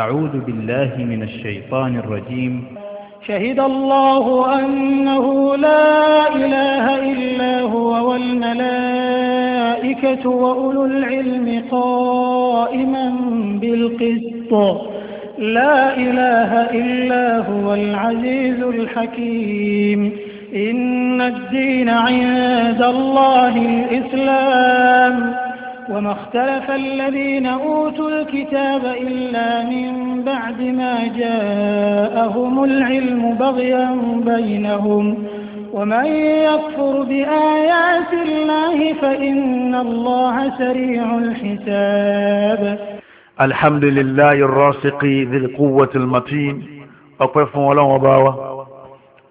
أعوذ بالله من الشيطان الرجيم شهد الله أنه لا إله إلا هو والملائكة وأولو العلم قائما بالقسط لا إله إلا هو العزيز الحكيم إن الدين عند الله الإسلام وما اختلف الذين أوتوا الكتاب إلا من بعد ما جاءهم العلم بغيا بينهم ومن يكفر بآيات الله فإن الله سريع الحساب الحمد لله الراسق ذي القوة المتين أقف ولو وباوة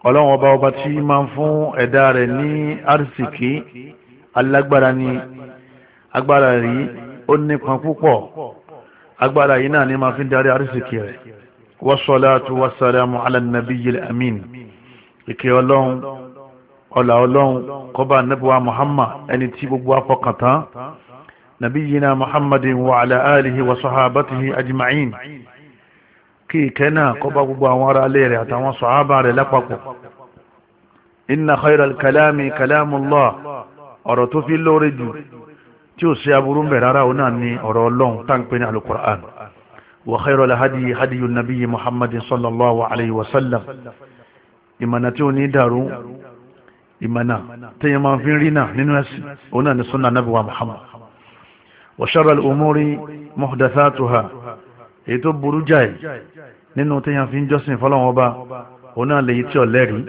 ولو وباوة تيما فون إدارني أرسكي alágbára agbára yìí ó nípọn púpọ̀ agbára yìí náà ni máa fi darí àrísìkì rẹ̀ wassalatu wassalamu ala nabiyyil amin ìkẹ́ ọlọ́run ọlà ọlọ́run kọba nabuwa muhammad ẹni tí gbogbo afọkàntán nabiyyina muhammadin wa ala alihi wa sahabatihi ajma'in kí ìkẹ́ náà kọba gbogbo àwọn ará ilé rẹ̀ àtàwọn sọ̀hábà rẹ̀ lápapọ̀ inna khayral kalami kalamullah ọ̀rọ̀ tó fi lóore jù tí ó ṣe aburú bẹ̀ rárá o náà ni ọ̀rọ̀ ọlọ́run táǹpé ní alukur'an wa khayru lahadi hadiyu nabiyyi muhammadin sallallahu alayhi wa sallam ìmọ̀nà tí ó ní dàrú ìmọ̀nà tẹ́yìn máa fi ń rí náà nínú ẹ̀sìn o náà ni sunna nabi wa muhammad wa sharra al-umuri muhdathatuha èyí tó burú jáì nínú tẹ́yìn fi jọ́sìn fọlọ́wọ́n ọba o tí ọ lẹ́rìí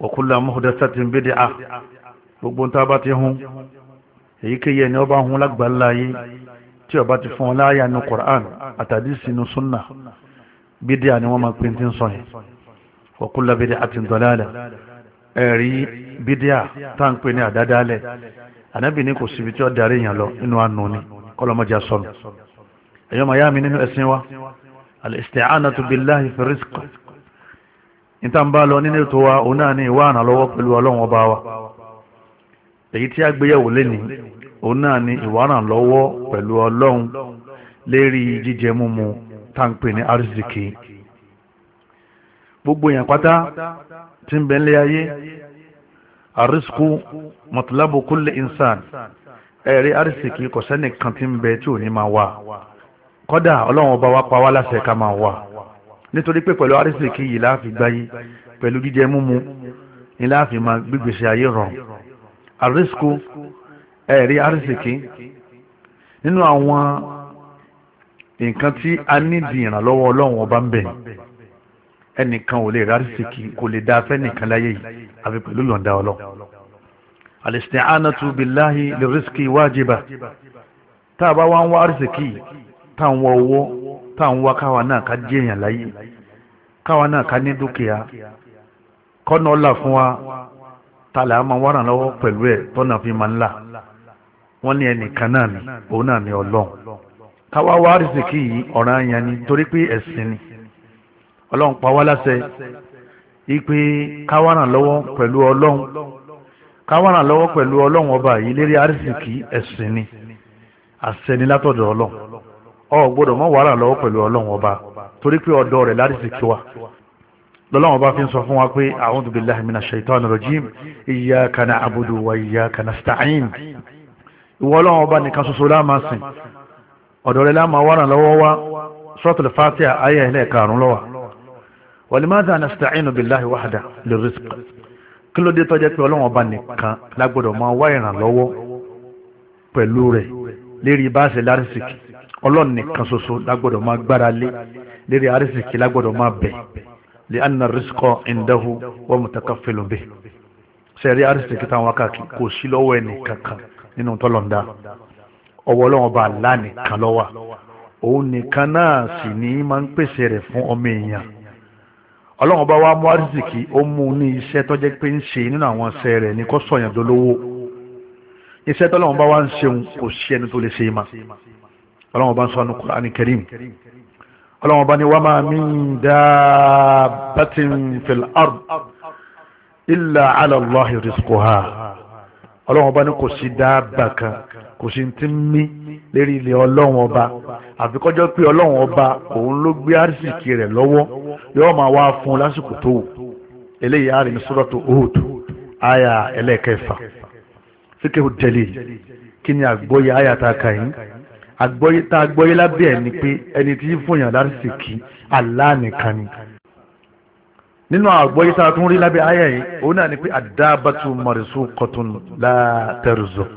wa kullu muhdathatin bid'ah gbogbo ń tá a bá ti hun èyíkéyìí ẹni ọba hun lágbàlá yé tí ọba ti fún ọ láàyà nu Qur'an àtàdí sínú súnà bídíà ni wọ́n máa pín tí ń sọ yẹn wa kullu bid'atin dalalah ẹ̀rí bídíà tá ń pè ní àdádálẹ̀ ànábì ní kò síbi tí ó darí yàn lọ inú àánú ni kọlọmọjà sọnù ẹ̀yọ́ màá yá mi nínú ẹ̀sìn wa al-isti'anatu billahi fi rizq lọ nínú ètò wa òun náà ní ìwà àrànlọ́wọ́ pẹ̀lú ọlọ́run ọba wa èyí tí a gbéyẹ̀wò lénìí òun náà ni ìwárànlọ́wọ́ pẹ̀lú ọlọ́run lérí jíjẹ múmu táǹpé ní arziki gbogbo èèyàn pátá tí ń bẹ nílé ayé arzikú matlabu kulli insan ẹ̀rí arziki kò sẹ́nìkan tí ń bẹ tí ò ní máa wà kódà ọlọ́run ọba wa pa wá láṣẹ ká máa wà nítorí pé pẹ̀lú arziki yìí láàfin gbáyé pẹ̀lú jíjẹ múmu ni láàfin máa gbígbèsè ayé rọrùn arzikú ẹ̀rí arísìkí nínú àwọn nǹkan tí a nídìí ìrànlọ́wọ́ ọlọ́run ọba ń bẹ̀ ẹnìkan ò lè rí kò lè dá afẹ́ láyé yìí àfi pẹ̀lú yọ̀ǹda wájibà tá a bá wá ń wá arísìkí tá ń wá owó tá ń wá káwa náà ká jẹ́ èèyàn láyé káwa náà ká ní dúkìá kọ́nà ọ̀la fún wa tá a lè máa wá ràn lọ́wọ́ pẹ̀lú ẹ̀ tọ́nà fi máa wọ́n ní ni òun náà ni ọlọ́run káwá wá rìsìkì yìí ọ̀ràn àyàn ni torí pé ẹ̀sìn ni ọlọ́run pa wá láṣẹ ipe káwá ràn lọ́wọ́ pẹ̀lú ọlọ́run káwá ràn lọ́wọ́ pẹ̀lú ọlọ́run ọba yìí lérí ẹ̀sìn ni àṣẹni látọ̀dọ̀ ọlọ́run ọ gbọ́dọ̀ mọ́ wàá ràn ọba torí pé rẹ̀ wa lọ́lọ́wọ́ bá fi ń sọ fún wa pé a'udhu billahi minash shaitani rajim wa ìwọ ọlọ́run ọba nìkan ṣoṣo láàmà sìn ọ̀dọ̀ rẹ̀ láàmà wà ràn lọ́wọ́ wá suratul fatiha ayé ilẹ̀ karùn-ún lọ́wà walimadha nasta'inu billahi wahda lirizq kí ló dé tọ́jẹ́ pé ọlọ́run ọba nìkan lágbọ́dọ̀ máa wá ìrànlọ́wọ́ pẹ̀lú rẹ̀ lérí báṣẹ lárísìkì ọlọ́run nìkan ṣoṣo lágbọ́dọ̀ máa gbára lé lérí àrísìkì lágbọ́dọ̀ máa bẹ̀ lè anna rizqa indahu wa mutakaffilun bih ṣe rí àrísìkì táwọn wákàkì kò sí lọ́wọ́ ẹnì kankan nínú tọ́lọ̀ǹda ọwọ́ ọlọ́run ọba àlá nìkan lọ́wà òun nìkan náà sì ní máa ń pèsè rẹ̀ fún ọmọ èèyàn ọlọ́run ọba wa mú arísìkì ó mú un ní iṣẹ́ tó jẹ́ pé ń ṣe nínú àwọn iṣẹ́ rẹ̀ ní kó sọ̀yàn dolówó iṣẹ́ tọ́lọ́run ọba wa ń ṣeun kò sí ẹni tó lè ṣe ma ọlọ́run ọba ń sọ ní Qur'an Karim ọlọ́run ọba ní wa ma min dabbatin fil ard illa ala Allahi rizquha ọlọ́run ọba ní kò sí dáàbà kan kò sí ti ń mí lérí ilẹ̀ ọlọ́run ọba àfikọ́jọ́ pé ọlọ́run ọba òun ló gbé àrísìkì rẹ̀ lọ́wọ́ yóò máa wá fún un lásìkò tó wù eléyìí àrè ní sọ́dọ̀tò Uhud àyà ẹlẹ́ẹ̀kẹfà fíkẹ́hù jẹ́lì kí ni àgbọ́yé àyà tá a kà yín àgbọ́yé tá a gbọ́yé lábẹ́ ẹ̀ ni pé ẹni tí yí fòyàn lárísìkì Allah ni nínú àgbọ́yé tá a tún rí lábẹ́ ayé yìí òun náà ni pé àdábàtú mọ̀rẹ́sù kọ̀tún látẹ̀rùzọ̀k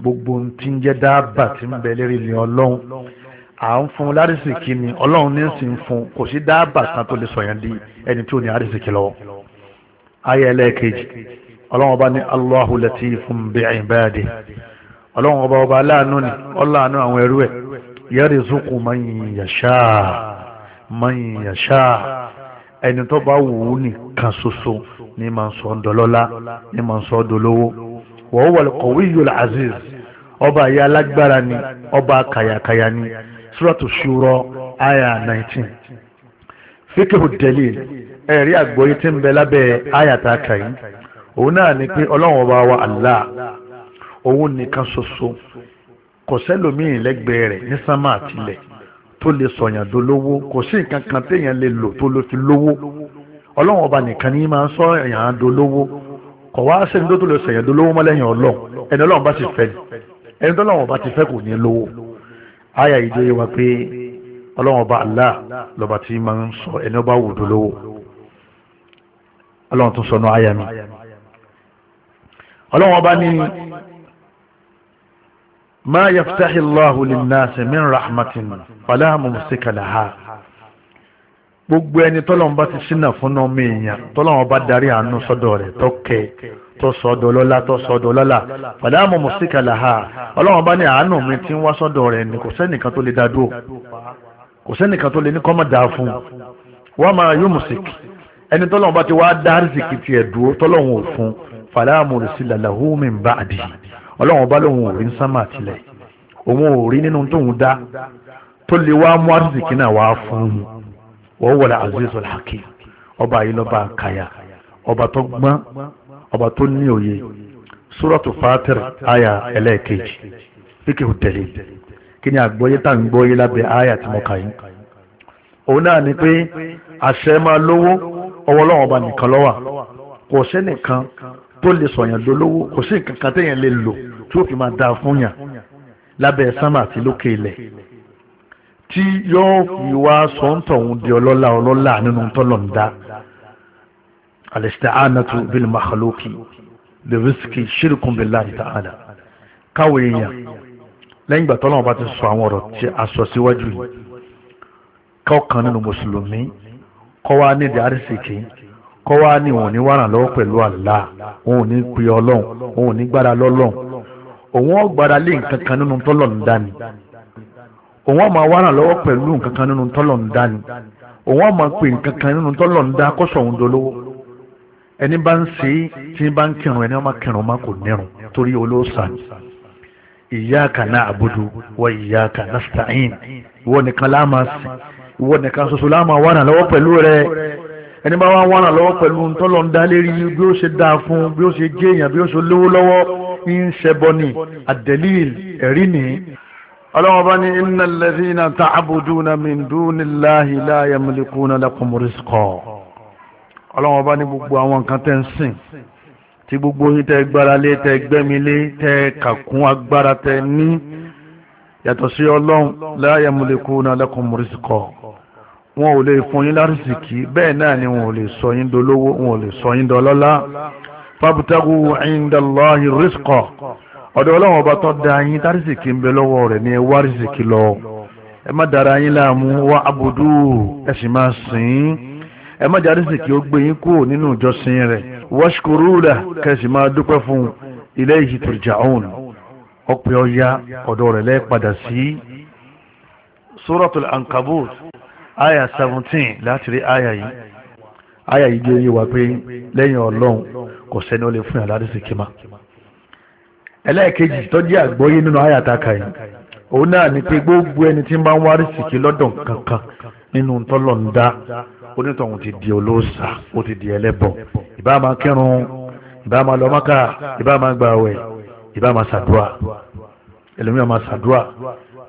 gbogbo ń ti ń jẹ́ dábà tí ń bẹ lérí ni ọlọ́run à ń fún lárísìkí ni ọlọ́run ní sì ń fún kò sí dábà kan tó lè sọ̀yàn di ẹni tí ò ní àrísìkí lọ́wọ́ ayé ẹlẹ́ẹ̀kejì ọlọ́run ọba ní Allahu latifun bi ibadihi ọlọ́run ọba ọba aláàánú ni ọláàánú àwọn ẹrú ẹ̀ yarzuqu man yasha man yasha ẹni tó bá wù ú nìkan ṣoṣo ní ma ń sọ dọlọ́lá ní máa ń sọ dolówó wa huwa al-qawiyyu al-aziz ọba yìí alágbára ni ọba kàyàkàyà ni suratu shura aya 19. fíkìhù dalil ẹ̀rí àgbọ́yé tí ń bẹ lábẹ́ ayàtà kàyí òun náà ni pé ọlọ́run ọba wa Allah òun nìkan ṣoṣo kò lẹ́gbẹ̀ẹ́ rẹ̀ ní sánmà àtìlẹ̀ tó lè sọ̀yàn dolówó kò sí nǹkan kan téèyàn lè lò tó lè fi lówó ọlọ́run ọba nìkan ní máa ń sọ èèyàn dolówó kò wá sẹ́ni tó tó lè sọ̀yàn dolówó mọ́ lẹ́yìn ọlọ́run ẹni ọlọ́run bá ti fẹ́ ni ẹni tó ọlọ́run ọba ti fẹ́ kò ní lówó àyà ìjọ yẹ wa pé ọlọ́run ọba Allah lọ́ba tí máa ń sọ ẹni ọba wù dolówó ọlọ́run tún sọnù àyà mi ọlọ́run ọba ní. ما يفتح الله للناس من رحمة فلا ممسك لها gbogbo ẹni tọ́lọ́run bá ti ṣínà fún ọmọ èèyàn tọ́lọ́run bá darí àánú sọ́dọ̀ rẹ̀ tó kẹ́ tó sọ́dọ̀ lọ́lá tó sọ́dọ̀ lọ́lá fala mumsika laha ọlọ́run bá ní àánú mi ti ń wá sọ́dọ̀ rẹ̀ ni kò sẹ́nìkan tó lè dá dúró kò sẹ́nìkan tó lè ní kọ́mọ̀ fún un wa ma yumsik ẹni tọ́lọ́run bá ti wá dá tiẹ̀ dúró tọ́lọ́run ò fún fala mursila lahu min ba'dihi ọlọ́run ọba lòun ò rí ní sánmà tilẹ̀ òun ò rí nínú tóun dá tó lè wá mú àdìsíkì náà wá fún un wọ́n wọlé aziz alhakim ọba yìí lọ́ba àkàyà ọba tó gbọ́n ọba tó ní òye suratu fatir aya ẹlẹ́ẹ̀kejì fíkì tẹ̀lé kí ni àgbọ́yé tá ń gbọ́yé lábẹ́ aya tí mo kà yín òun náà ni pé àṣẹ máa lówó ọwọ́ ọlọ́run ọba nìkan ló wà kò sẹ́nìkan tó lè sọ̀yàn dolówó kò sí nǹkan kan téèyàn lè lò tí ó fi máa da fún yàn lábẹ́ sánmà àti lókè ilẹ̀ tí yóò fi wá sọ́ńtọ̀ òun di ọlọ́lá ọlọ́lá nínú tọ́lọ̀ ń dá alisti'anatu bil makhluqi bi rizqi shirkun billahi káwé èèyàn lẹ́yìn ìgbà tọ́lọ́wọ́n bá ti sọ àwọn ọ̀rọ̀ tí a sọ síwájú yìí kọ́ọ̀kan nínú mùsùlùmí kọ́ wá ní ìdí àrísìkì kọ́ wá ní òun ní wàràn lọ́wọ́ pẹ̀lú Allah òun ní pe ọlọ́run òun ní gbára lọ́lọ́run òun ó gbára lé nǹkan kan nínú tọ́lọ̀ ń dání òun ó máa wá ràn lọ́wọ́ pẹ̀lú nǹkan kan nínú tọ́lọ̀ ń dání òun ó máa pè nǹkan kan nínú tọ́lọ̀ ń dá kọ́sọ̀ òun dolówó ẹni bá ń ṣe tí bá ń kírun ẹni ọmọ kírun má kò nírun torí olóòsà iyyaka na'budu wa iyyaka nasta'in ìwọ nìkan láàmà sí ìwọ nìkan ṣoṣo láàmà wà ràn lọ́wọ́ pẹ̀lú rẹ ẹni bá wà ràn lọ́wọ́ pẹ̀lú ntọ́lọ̀ ń dá lérí bí ó ṣe dáa fún bí ó ṣe jẹ́ èèyàn bí ó ṣe lówó lọ́wọ́ ń ṣẹbọ ni àdẹ́lìl ẹ̀rí ni ọlọ́wọ́n bá ní iná lẹ́sìn iná tá àbùdù náà mi ń dún ní láàyè láàyè mílíkù náà lẹ́kùn mọ́rísíkọ̀ ọlọ́wọ́n bá ní gbogbo àwọn nǹkan tẹ́ ń sìn tí gbogbo yín tẹ́ gbára lé tẹ́ gbẹ́mi lé tẹ́ kàkún agbára tẹ́ ní yàtọ̀ sí ọlọ́run láàyè mílíkù náà lẹ́kùn mọ́rísíkọ̀ wọn ò lè fún yín lárísìkí bẹ́ẹ̀ náà ni wọn ò lè sọ yín dolówó wọn ò lè sọ yín dọlọ́lá fábútágù indallahi rizqa ọ̀dọ̀ ọlọ́run ọba tó da yín tárísìkì ń bẹ lọ́wọ́ rẹ̀ ní ẹwà rìsìkì lọ ẹ má dara yín láàmú wá abudu ẹ sì máa sìn ẹ má jà ó gbé yín kúrò nínú ìjọsìn rẹ̀ wáṣukuru rẹ̀ kẹsì máa dúpẹ́ fún ilayhi turja'un ọpẹ́ ọya ọ̀dọ̀ rẹ̀ lẹ́ padà sí suratul ankabut aya seventeen láti aya yìí. Aya yìí jẹ́ yé wa pé lẹ́yìn ọlọ́run kò sẹ́ni ó lè fún yàrá àdìsí kìmá ẹlẹ́ẹ̀kejì tó jẹ́ àgbọ́yé nínú àyà taka yìí òun náà ni pé gbogbo ẹni tí ń bá ń wá àdìsíkì lọ́dọ̀ kankan nínú tọ́lọ̀ ń dá onítọ̀hún ti di olóòṣà ó ti di ẹlẹ́bọ ìbá máa kírun ìbá máa lọ Mákà ìbá máa gbààwẹ̀ ìbá máa ṣàdúrà ẹlòmíràn máa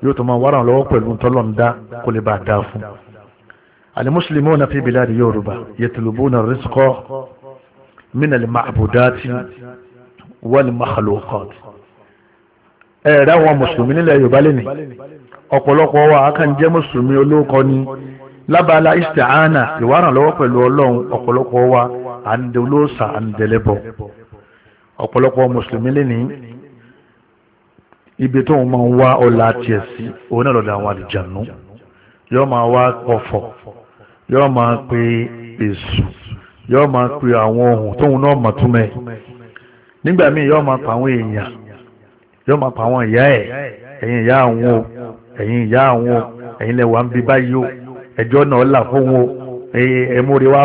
yóò tó máa wárà المسلمون في بلاد يوروبا يطلبون الرزق من المعبودات والمخلوقات ẹ̀rẹ́ àwọn mùsùlùmí nílẹ̀ yorùbá lẹ́nì ọ̀pọ̀lọpọ̀ wa kàn jẹ́ mùsùlùmí olóòkọ ni lábala isti'ana ìwárànlọ́wọ́ pẹ̀lú ọlọ́run ọ̀pọ̀lọpọ̀ wa àǹdẹ̀lóòsà àǹdẹ̀lẹ́bọ̀ ọ̀pọ̀lọpọ̀ mùsùlùmí lẹ́nì ibi tó ń máa ń wá ọlá tiẹ̀ sí onílọ̀dà àwọn àlìjànú yóò máa wá ọ̀fọ̀ yóò máa pe èṣù yóò máa pe àwọn ohun tóun náà mọ̀ túmẹ̀ nígbà míì yóò máa pa àwọn èèyàn yóò máa pa àwọn ìyá ẹ̀ ẹ̀yin ìyá àwọn o ẹ̀yin ìyá àwọn o ẹ̀yin lẹ́wà ń bí báyìí o ẹjọ́ náà là fún wọn ẹ̀mú rẹ wá